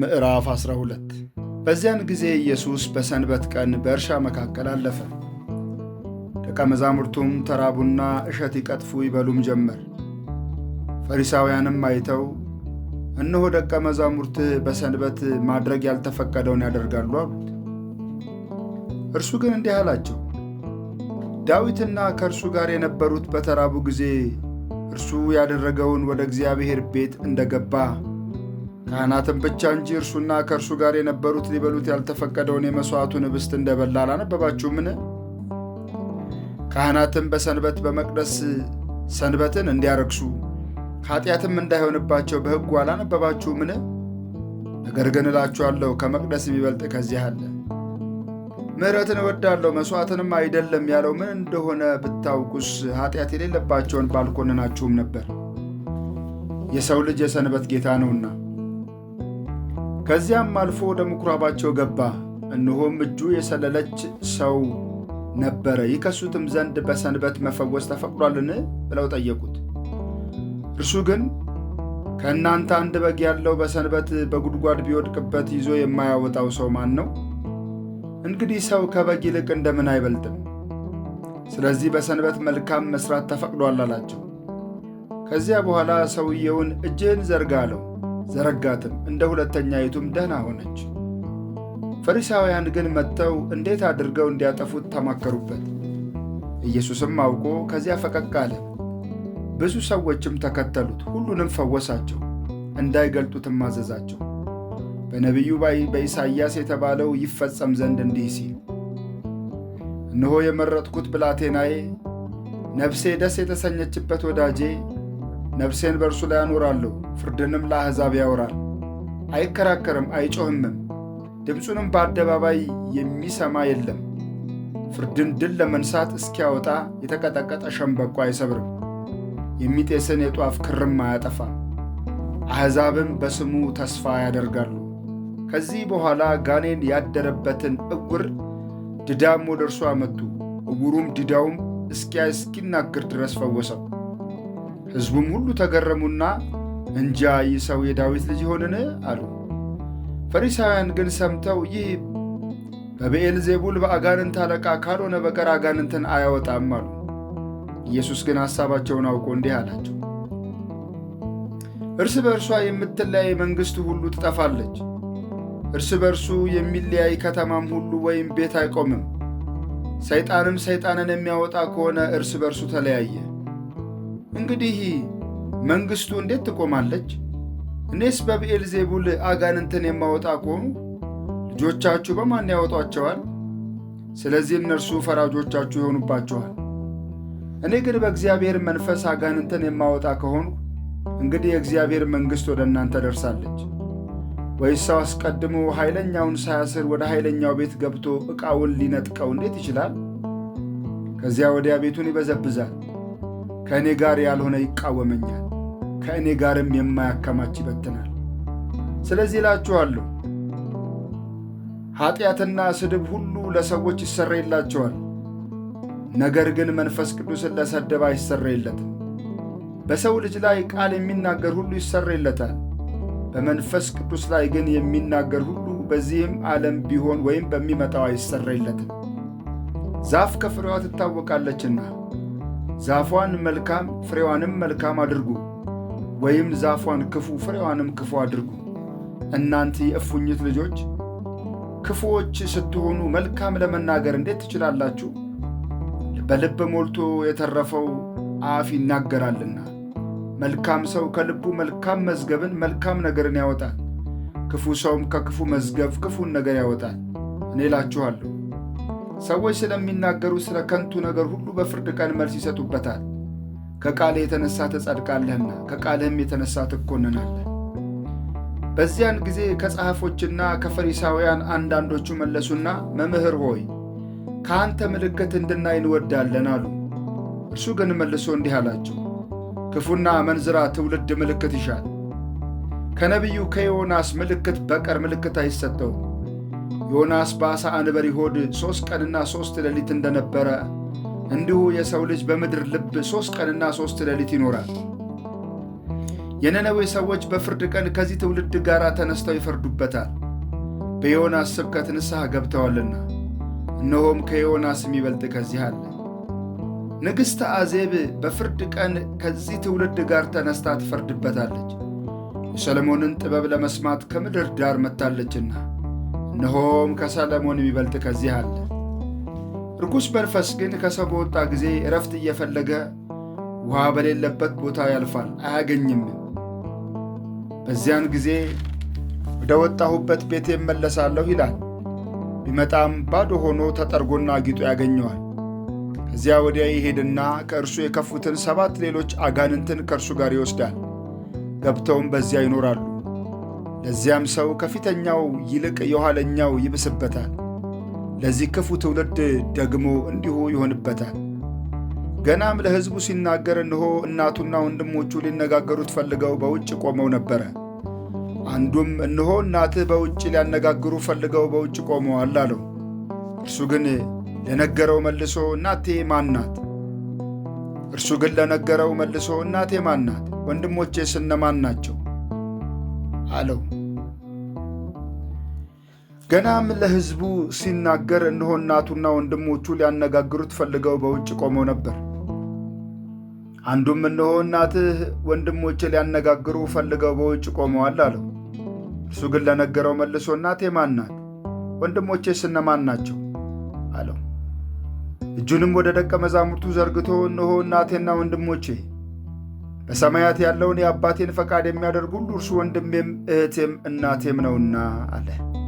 ምዕራፍ 12 በዚያን ጊዜ ኢየሱስ በሰንበት ቀን በእርሻ መካከል አለፈ። ደቀ መዛሙርቱም ተራቡና እሸት ይቀጥፉ ይበሉም ጀመር። ፈሪሳውያንም አይተው እነሆ ደቀ መዛሙርት በሰንበት ማድረግ ያልተፈቀደውን ያደርጋሉ አሉት። እርሱ ግን እንዲህ አላቸው፣ ዳዊትና ከእርሱ ጋር የነበሩት በተራቡ ጊዜ እርሱ ያደረገውን ወደ እግዚአብሔር ቤት እንደገባ ካህናትም ብቻ እንጂ እርሱና ከእርሱ ጋር የነበሩት ሊበሉት ያልተፈቀደውን የመሥዋዕቱን ኅብስት እንደበላ አላነበባችሁምን? ካህናትም በሰንበት በመቅደስ ሰንበትን እንዲያረክሱ ኃጢአትም እንዳይሆንባቸው በሕጉ አላነበባችሁምን? ነገር ግን እላችኋለሁ ከመቅደስ የሚበልጥ ከዚህ አለ። ምሕረትን እወዳለሁ መሥዋዕትንም አይደለም ያለው ምን እንደሆነ ብታውቁስ ኃጢአት የሌለባቸውን ባልኮንናችሁም ነበር። የሰው ልጅ የሰንበት ጌታ ነውና። ከዚያም አልፎ ወደ ምኩራባቸው ገባ። እነሆም እጁ የሰለለች ሰው ነበረ። ይከሱትም ዘንድ በሰንበት መፈወስ ተፈቅዷልን? ብለው ጠየቁት። እርሱ ግን ከእናንተ አንድ በግ ያለው በሰንበት በጉድጓድ ቢወድቅበት ይዞ የማያወጣው ሰው ማን ነው? እንግዲህ ሰው ከበግ ይልቅ እንደምን አይበልጥም? ስለዚህ በሰንበት መልካም መስራት ተፈቅዷል አላቸው። ከዚያ በኋላ ሰውየውን እጅህን ዘርጋ አለው። ዘረጋትም፣ እንደ ሁለተኛይቱም ደህና ሆነች። ፈሪሳውያን ግን መጥተው እንዴት አድርገው እንዲያጠፉት ተማከሩበት። ኢየሱስም አውቆ ከዚያ ፈቀቅ አለ። ብዙ ሰዎችም ተከተሉት። ሁሉንም ፈወሳቸው፣ እንዳይገልጡትም አዘዛቸው። በነቢዩ በኢሳይያስ የተባለው ይፈጸም ዘንድ እንዲህ ሲል እነሆ የመረጥኩት ብላቴናዬ፣ ነፍሴ ደስ የተሰኘችበት ወዳጄ ነፍሴን በእርሱ ላይ አኖራለሁ፣ ፍርድንም ለአሕዛብ ያወራል። አይከራከርም፣ አይጮህምም፣ ድምፁንም በአደባባይ የሚሰማ የለም። ፍርድን ድል ለመንሳት እስኪያወጣ የተቀጠቀጠ ሸምበቆ አይሰብርም፣ የሚጤስን የጧፍ ክርም አያጠፋም። አሕዛብም በስሙ ተስፋ ያደርጋሉ። ከዚህ በኋላ ጋኔን ያደረበትን እውር ድዳም ወደ እርሱ አመጡ። እውሩም ድዳውም እስኪያ እስኪናገር ድረስ ፈወሰው። ሕዝቡም ሁሉ ተገረሙና እንጃ ይህ ሰው የዳዊት ልጅ ይሆንን አሉ። ፈሪሳውያን ግን ሰምተው ይህ በብዔል ዜቡል በአጋንንት አለቃ ካልሆነ በቀር አጋንንትን አያወጣም አሉ። ኢየሱስ ግን ሐሳባቸውን አውቆ እንዲህ አላቸው፣ እርስ በእርሷ የምትለያይ መንግሥት ሁሉ ትጠፋለች። እርስ በእርሱ የሚለያይ ከተማም ሁሉ ወይም ቤት አይቆምም። ሰይጣንም ሰይጣንን የሚያወጣ ከሆነ እርስ በእርሱ ተለያየ። እንግዲህ መንግሥቱ እንዴት ትቆማለች? እኔስ በብኤል ዜቡል አጋንንትን የማወጣ ከሆኑ ልጆቻችሁ በማን ያወጧቸዋል? ስለዚህ እነርሱ ፈራጆቻችሁ ይሆኑባችኋል። እኔ ግን በእግዚአብሔር መንፈስ አጋንንትን የማወጣ ከሆኑ እንግዲህ የእግዚአብሔር መንግሥት ወደ እናንተ ደርሳለች። ወይስ ሰው አስቀድሞ ኃይለኛውን ሳያስር ወደ ኃይለኛው ቤት ገብቶ ዕቃውን ሊነጥቀው እንዴት ይችላል? ከዚያ ወዲያ ቤቱን ይበዘብዛል ከእኔ ጋር ያልሆነ ይቃወመኛል፣ ከእኔ ጋርም የማያከማች ይበትናል። ስለዚህ እላችኋለሁ ኀጢአትና ስድብ ሁሉ ለሰዎች ይሰረይላቸዋል፣ ነገር ግን መንፈስ ቅዱስን ለሰደበ አይሰረይለትም። በሰው ልጅ ላይ ቃል የሚናገር ሁሉ ይሰረይለታል፣ በመንፈስ ቅዱስ ላይ ግን የሚናገር ሁሉ በዚህም ዓለም ቢሆን ወይም በሚመጣው አይሰረይለትም። ዛፍ ከፍሬዋ ትታወቃለችና ዛፏን መልካም ፍሬዋንም መልካም አድርጉ፣ ወይም ዛፏን ክፉ ፍሬዋንም ክፉ አድርጉ። እናንተ የእፉኝት ልጆች ክፉዎች ስትሆኑ መልካም ለመናገር እንዴት ትችላላችሁ? በልብ ሞልቶ የተረፈው አፍ ይናገራልና። መልካም ሰው ከልቡ መልካም መዝገብን መልካም ነገርን ያወጣል፣ ክፉ ሰውም ከክፉ መዝገብ ክፉን ነገር ያወጣል። እኔ እላችኋለሁ ሰዎች ስለሚናገሩ ስለ ከንቱ ነገር ሁሉ በፍርድ ቀን መልስ ይሰጡበታል። ከቃልህ የተነሳ ተጸድቃለህና ከቃልህም የተነሳ ትኮንናለህ። በዚያን ጊዜ ከጸሐፎችና ከፈሪሳውያን አንዳንዶቹ መለሱና መምህር ሆይ ከአንተ ምልክት እንድናይ እንወዳለን አሉ። እርሱ ግን መልሶ እንዲህ አላቸው፣ ክፉና መንዝራ ትውልድ ምልክት ይሻል። ከነቢዩ ከዮናስ ምልክት በቀር ምልክት አይሰጠውም። ዮናስ በዓሣ አንበሪ ሆድ ሦስት ቀንና ሦስት ሌሊት እንደነበረ እንዲሁ የሰው ልጅ በምድር ልብ ሦስት ቀንና ሦስት ሌሊት ይኖራል። የነነዌ ሰዎች በፍርድ ቀን ከዚህ ትውልድ ጋር ተነስተው ይፈርዱበታል፣ በዮናስ ስብከት ንስሐ ገብተዋልና። እነሆም ከዮናስ የሚበልጥ ከዚህ አለ። ንግሥተ አዜብ በፍርድ ቀን ከዚህ ትውልድ ጋር ተነስታ ትፈርድበታለች፣ የሰለሞንን ጥበብ ለመስማት ከምድር ዳር መጥታለችና። እነሆም ከሰለሞን የሚበልጥ ከዚህ አለ። ርኩስ መንፈስ ግን ከሰው በወጣ ጊዜ እረፍት እየፈለገ ውሃ በሌለበት ቦታ ያልፋል፣ አያገኝም። በዚያን ጊዜ ወደ ወጣሁበት ቤቴ እመለሳለሁ ይላል። ቢመጣም ባዶ ሆኖ ተጠርጎና አጊጦ ያገኘዋል። ከዚያ ወዲያ ይሄድና ከእርሱ የከፉትን ሰባት ሌሎች አጋንንትን ከእርሱ ጋር ይወስዳል፣ ገብተውም በዚያ ይኖራሉ። ለዚያም ሰው ከፊተኛው ይልቅ የኋለኛው ይብስበታል። ለዚህ ክፉ ትውልድ ደግሞ እንዲሁ ይሆንበታል። ገናም ለሕዝቡ ሲናገር እንሆ እናቱና ወንድሞቹ ሊነጋገሩት ፈልገው በውጭ ቆመው ነበረ። አንዱም እንሆ እናትህ በውጭ ሊያነጋግሩ ፈልገው በውጭ ቆመዋል አለው። እርሱ ግን ለነገረው መልሶ እናቴ ማን ናት? እርሱ ግን ለነገረው መልሶ እናቴ ማን ናት? ወንድሞቼስ እነማን ናቸው? አለው። ገናም ለሕዝቡ ሲናገር እነሆ እናቱና ወንድሞቹ ሊያነጋግሩት ፈልገው በውጭ ቆመው ነበር። አንዱም እነሆ እናትህ ወንድሞች ሊያነጋግሩ ፈልገው በውጭ ቆመዋል አለው። እርሱ ግን ለነገረው መልሶ እናቴ ማን ናት? ስነማን ናቸው? አለው። እጁንም ወደ ደቀ መዛሙርቱ ዘርግቶ እነሆ እናቴና ወንድሞቼ በሰማያት ያለውን የአባቴን ፈቃድ የሚያደርግ ሁሉ እርሱ ወንድሜም እህቴም እናቴም ነውና አለ።